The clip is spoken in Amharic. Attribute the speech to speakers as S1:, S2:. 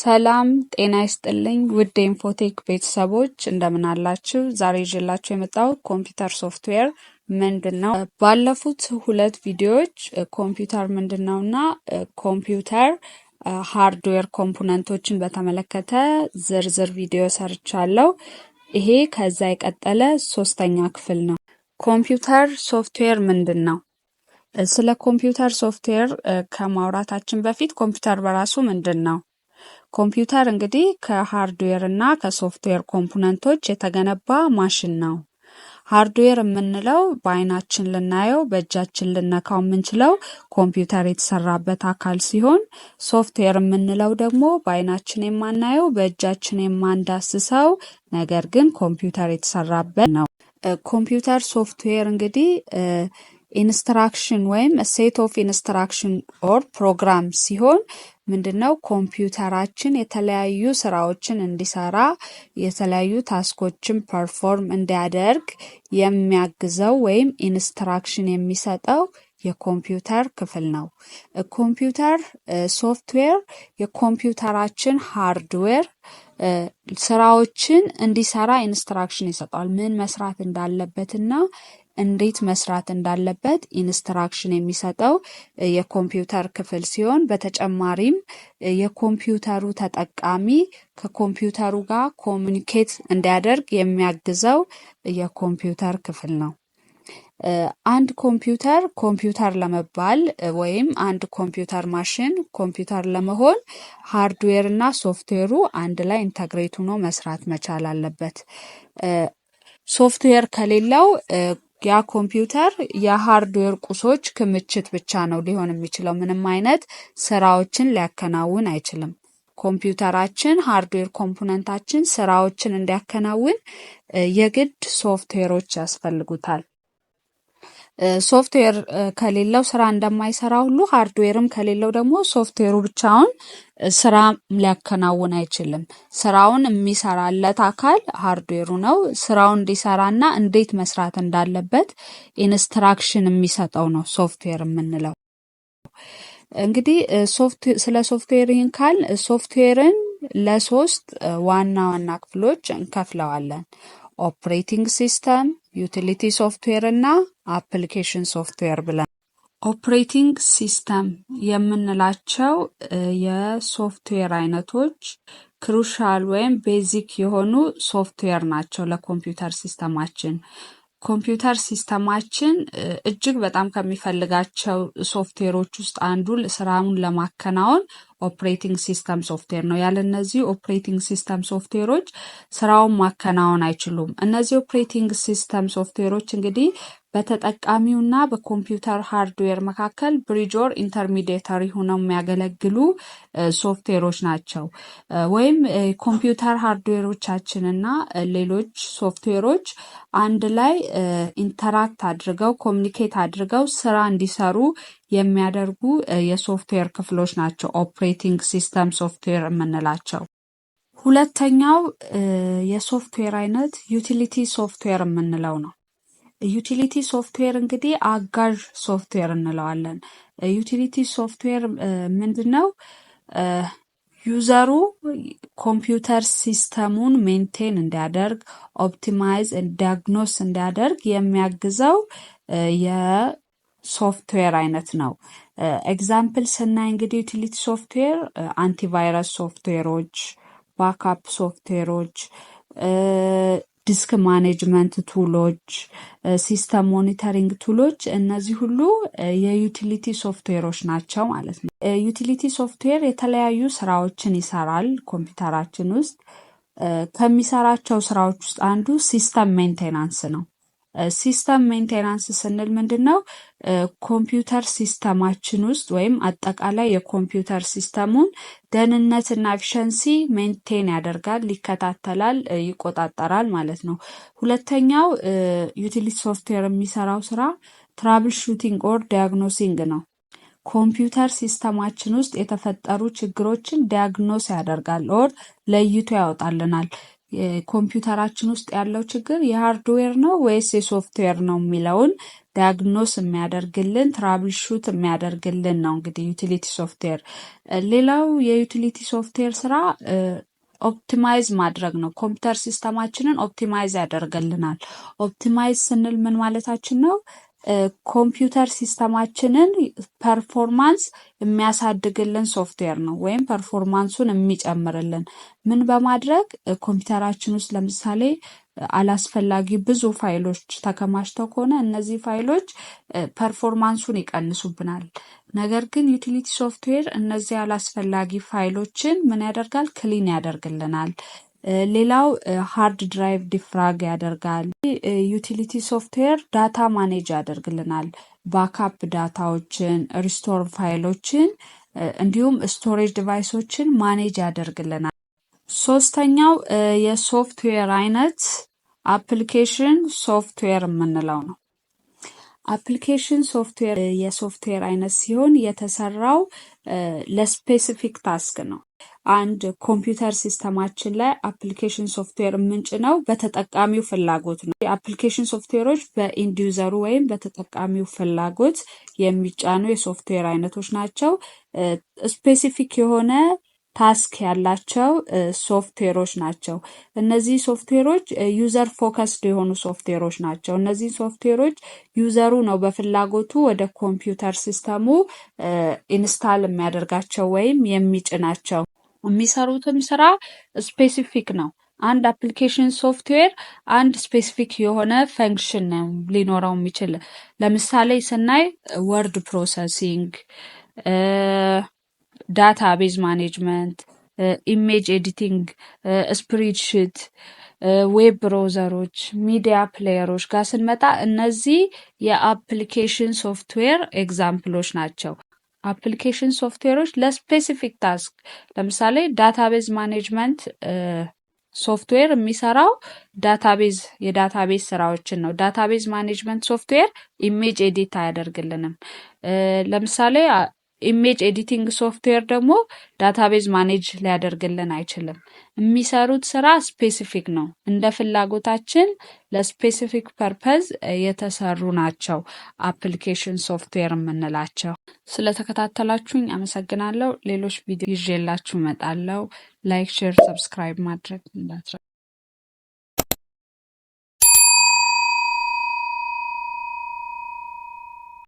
S1: ሰላም ጤና ይስጥልኝ ውድ ኢንፎቴክ ቤተሰቦች እንደምን አላችሁ? ዛሬ ይዤላችሁ የመጣሁት ኮምፒውተር ሶፍትዌር ምንድን ነው? ባለፉት ሁለት ቪዲዮዎች ኮምፒውተር ምንድን ነው እና ኮምፒውተር ሃርድዌር ኮምፖነንቶችን በተመለከተ ዝርዝር ቪዲዮ ሰርቻለሁ። ይሄ ከዛ የቀጠለ ሶስተኛ ክፍል ነው። ኮምፒውተር ሶፍትዌር ምንድን ነው? ስለ ኮምፒውተር ሶፍትዌር ከማውራታችን በፊት ኮምፒውተር በራሱ ምንድን ነው ኮምፒውተር እንግዲህ ከሃርድዌር እና ከሶፍትዌር ኮምፖነንቶች የተገነባ ማሽን ነው። ሃርድዌር የምንለው በአይናችን ልናየው በእጃችን ልነካው የምንችለው ኮምፒውተር የተሰራበት አካል ሲሆን ሶፍትዌር የምንለው ደግሞ በአይናችን የማናየው በእጃችን የማንዳስሰው ነገር ግን ኮምፒውተር የተሰራበት ነው። ኮምፒውተር ሶፍትዌር እንግዲህ ኢንስትራክሽን ወይም ሴት ኦፍ ኢንስትራክሽን ኦር ፕሮግራም ሲሆን ምንድነው ኮምፒውተራችን የተለያዩ ስራዎችን እንዲሰራ የተለያዩ ታስኮችን ፐርፎርም እንዲያደርግ የሚያግዘው ወይም ኢንስትራክሽን የሚሰጠው የኮምፒውተር ክፍል ነው። ኮምፒውተር ሶፍትዌር የኮምፒውተራችን ሃርድዌር ስራዎችን እንዲሰራ ኢንስትራክሽን ይሰጠዋል። ምን መስራት እንዳለበትና እንዴት መስራት እንዳለበት ኢንስትራክሽን የሚሰጠው የኮምፒውተር ክፍል ሲሆን በተጨማሪም የኮምፒውተሩ ተጠቃሚ ከኮምፒውተሩ ጋር ኮሚኒኬት እንዲያደርግ የሚያግዘው የኮምፒውተር ክፍል ነው። አንድ ኮምፒውተር ኮምፒውተር ለመባል ወይም አንድ ኮምፒውተር ማሽን ኮምፒውተር ለመሆን ሃርድዌር እና ሶፍትዌሩ አንድ ላይ ኢንተግሬት ሆኖ መስራት መቻል አለበት። ሶፍትዌር ከሌለው ያ ኮምፒውተር የሃርድዌር ቁሶች ክምችት ብቻ ነው ሊሆን የሚችለው። ምንም አይነት ስራዎችን ሊያከናውን አይችልም። ኮምፒውተራችን ሃርድዌር ኮምፖነንታችን ስራዎችን እንዲያከናውን የግድ ሶፍትዌሮች ያስፈልጉታል። ሶፍትዌር ከሌለው ስራ እንደማይሰራ ሁሉ ሃርድዌርም ከሌለው ደግሞ ሶፍትዌሩ ብቻውን ስራ ሊያከናውን አይችልም። ስራውን የሚሰራለት አካል ሃርድዌሩ ነው። ስራውን እንዲሰራና እንዴት መስራት እንዳለበት ኢንስትራክሽን የሚሰጠው ነው ሶፍትዌር የምንለው። እንግዲህ ስለ ሶፍትዌር ይህን ካል ሶፍትዌርን ለሶስት ዋና ዋና ክፍሎች እንከፍለዋለን። ኦፕሬቲንግ ሲስተም፣ ዩቲሊቲ ሶፍትዌር እና አፕሊኬሽን ሶፍትዌር ብለን ኦፕሬቲንግ ሲስተም የምንላቸው የሶፍትዌር አይነቶች ክሩሻል ወይም ቤዚክ የሆኑ ሶፍትዌር ናቸው ለኮምፒውተር ሲስተማችን። ኮምፒውተር ሲስተማችን እጅግ በጣም ከሚፈልጋቸው ሶፍትዌሮች ውስጥ አንዱ ስራውን ለማከናወን ኦፕሬቲንግ ሲስተም ሶፍትዌር ነው። ያለ እነዚህ ኦፕሬቲንግ ሲስተም ሶፍትዌሮች ስራውን ማከናወን አይችሉም። እነዚህ ኦፕሬቲንግ ሲስተም ሶፍትዌሮች እንግዲህ በተጠቃሚውና በኮምፒውተር ሃርድዌር መካከል ብሪጆር ኢንተርሚዲየተሪ ሆነው የሚያገለግሉ ሶፍትዌሮች ናቸው። ወይም ኮምፒውተር ሃርድዌሮቻችንና ሌሎች ሶፍትዌሮች አንድ ላይ ኢንተራክት አድርገው ኮሚኒኬት አድርገው ስራ እንዲሰሩ የሚያደርጉ የሶፍትዌር ክፍሎች ናቸው ኦፕሬቲንግ ሲስተም ሶፍትዌር የምንላቸው። ሁለተኛው የሶፍትዌር አይነት ዩቲሊቲ ሶፍትዌር የምንለው ነው። ዩቲሊቲ ሶፍትዌር እንግዲህ አጋዥ ሶፍትዌር እንለዋለን። ዩቲሊቲ ሶፍትዌር ምንድን ነው? ዩዘሩ ኮምፒውተር ሲስተሙን ሜንቴን እንዲያደርግ ኦፕቲማይዝ ዳያግኖስ እንዲያደርግ የሚያግዘው ሶፍትዌር አይነት ነው። ኤግዛምፕል ስናይ እንግዲህ ዩቲሊቲ ሶፍትዌር አንቲቫይረስ ሶፍትዌሮች፣ ባካፕ ሶፍትዌሮች፣ ዲስክ ማኔጅመንት ቱሎች፣ ሲስተም ሞኒተሪንግ ቱሎች እነዚህ ሁሉ የዩቲሊቲ ሶፍትዌሮች ናቸው ማለት ነው። ዩቲሊቲ ሶፍትዌር የተለያዩ ስራዎችን ይሰራል ኮምፒውተራችን ውስጥ። ከሚሰራቸው ስራዎች ውስጥ አንዱ ሲስተም ሜንቴናንስ ነው። ሲስተም ሜንቴናንስ ስንል ምንድን ነው? ኮምፒውተር ሲስተማችን ውስጥ ወይም አጠቃላይ የኮምፒውተር ሲስተሙን ደህንነትና ኤፊሸንሲ ሜንቴን ያደርጋል፣ ይከታተላል፣ ይቆጣጠራል ማለት ነው። ሁለተኛው ዩቲሊቲ ሶፍትዌር የሚሰራው ስራ ትራብል ሹቲንግ ኦር ዲያግኖሲንግ ነው። ኮምፒውተር ሲስተማችን ውስጥ የተፈጠሩ ችግሮችን ዲያግኖስ ያደርጋል ኦር ለይቶ ያወጣልናል። የኮምፒውተራችን ውስጥ ያለው ችግር የሃርድዌር ነው ወይስ የሶፍትዌር ነው የሚለውን ዳያግኖስ የሚያደርግልን ትራብል ሹት የሚያደርግልን ነው እንግዲህ ዩቲሊቲ ሶፍትዌር። ሌላው የዩቲሊቲ ሶፍትዌር ስራ ኦፕቲማይዝ ማድረግ ነው። ኮምፒውተር ሲስተማችንን ኦፕቲማይዝ ያደርግልናል። ኦፕቲማይዝ ስንል ምን ማለታችን ነው? ኮምፒውተር ሲስተማችንን ፐርፎርማንስ የሚያሳድግልን ሶፍትዌር ነው ወይም ፐርፎርማንሱን የሚጨምርልን ምን በማድረግ ኮምፒውተራችን ውስጥ ለምሳሌ አላስፈላጊ ብዙ ፋይሎች ተከማችተው ከሆነ እነዚህ ፋይሎች ፐርፎርማንሱን ይቀንሱብናል። ነገር ግን ዩቲሊቲ ሶፍትዌር እነዚህ አላስፈላጊ ፋይሎችን ምን ያደርጋል? ክሊን ያደርግልናል። ሌላው ሃርድ ድራይቭ ዲፍራግ ያደርጋል። ዩቲሊቲ ሶፍትዌር ዳታ ማኔጅ ያደርግልናል። ባካፕ ዳታዎችን፣ ሪስቶር ፋይሎችን እንዲሁም ስቶሬጅ ዲቫይሶችን ማኔጅ ያደርግልናል። ሶስተኛው የሶፍትዌር አይነት አፕሊኬሽን ሶፍትዌር የምንለው ነው። አፕሊኬሽን ሶፍትዌር የሶፍትዌር አይነት ሲሆን የተሰራው ለስፔሲፊክ ታስክ ነው። አንድ ኮምፒውተር ሲስተማችን ላይ አፕሊኬሽን ሶፍትዌር ምንጭ ነው። በተጠቃሚው ፍላጎት ነው። የአፕሊኬሽን ሶፍትዌሮች በኢንዲዩዘሩ ወይም በተጠቃሚው ፍላጎት የሚጫኑ የሶፍትዌር አይነቶች ናቸው። ስፔሲፊክ የሆነ ታስክ ያላቸው ሶፍትዌሮች ናቸው። እነዚህ ሶፍትዌሮች ዩዘር ፎከስድ የሆኑ ሶፍትዌሮች ናቸው። እነዚህ ሶፍትዌሮች ዩዘሩ ነው በፍላጎቱ ወደ ኮምፒውተር ሲስተሙ ኢንስታል የሚያደርጋቸው ወይም የሚጭናቸው። የሚሰሩትም ስራ ስፔሲፊክ ነው። አንድ አፕሊኬሽን ሶፍትዌር አንድ ስፔሲፊክ የሆነ ፈንክሽን ነው ሊኖረው የሚችል። ለምሳሌ ስናይ ወርድ ፕሮሰሲንግ፣ ዳታቤዝ ማኔጅመንት፣ ኢሜጅ ኤዲቲንግ፣ ስፕሪድሽት፣ ዌብ ብሮዘሮች፣ ሚዲያ ፕሌየሮች ጋር ስንመጣ እነዚህ የአፕሊኬሽን ሶፍትዌር ኤግዛምፕሎች ናቸው። አፕሊኬሽን ሶፍትዌሮች ለስፔሲፊክ ታስክ ለምሳሌ ዳታቤዝ ማኔጅመንት ሶፍትዌር የሚሰራው ዳታቤዝ የዳታቤዝ ስራዎችን ነው። ዳታቤዝ ማኔጅመንት ሶፍትዌር ኢሜጅ ኤዲት አያደርግልንም። ለምሳሌ ኢሜጅ ኤዲቲንግ ሶፍትዌር ደግሞ ዳታቤዝ ማኔጅ ሊያደርግልን አይችልም። የሚሰሩት ስራ ስፔሲፊክ ነው። እንደ ፍላጎታችን ለስፔሲፊክ ፐርፐዝ የተሰሩ ናቸው አፕሊኬሽን ሶፍትዌር የምንላቸው። ስለተከታተላችሁኝ አመሰግናለሁ። ሌሎች ቪዲዮ ይዤላችሁ እመጣለሁ። ላይክ፣ ሼር፣ ሰብስክራይብ ማድረግ እንዳትረ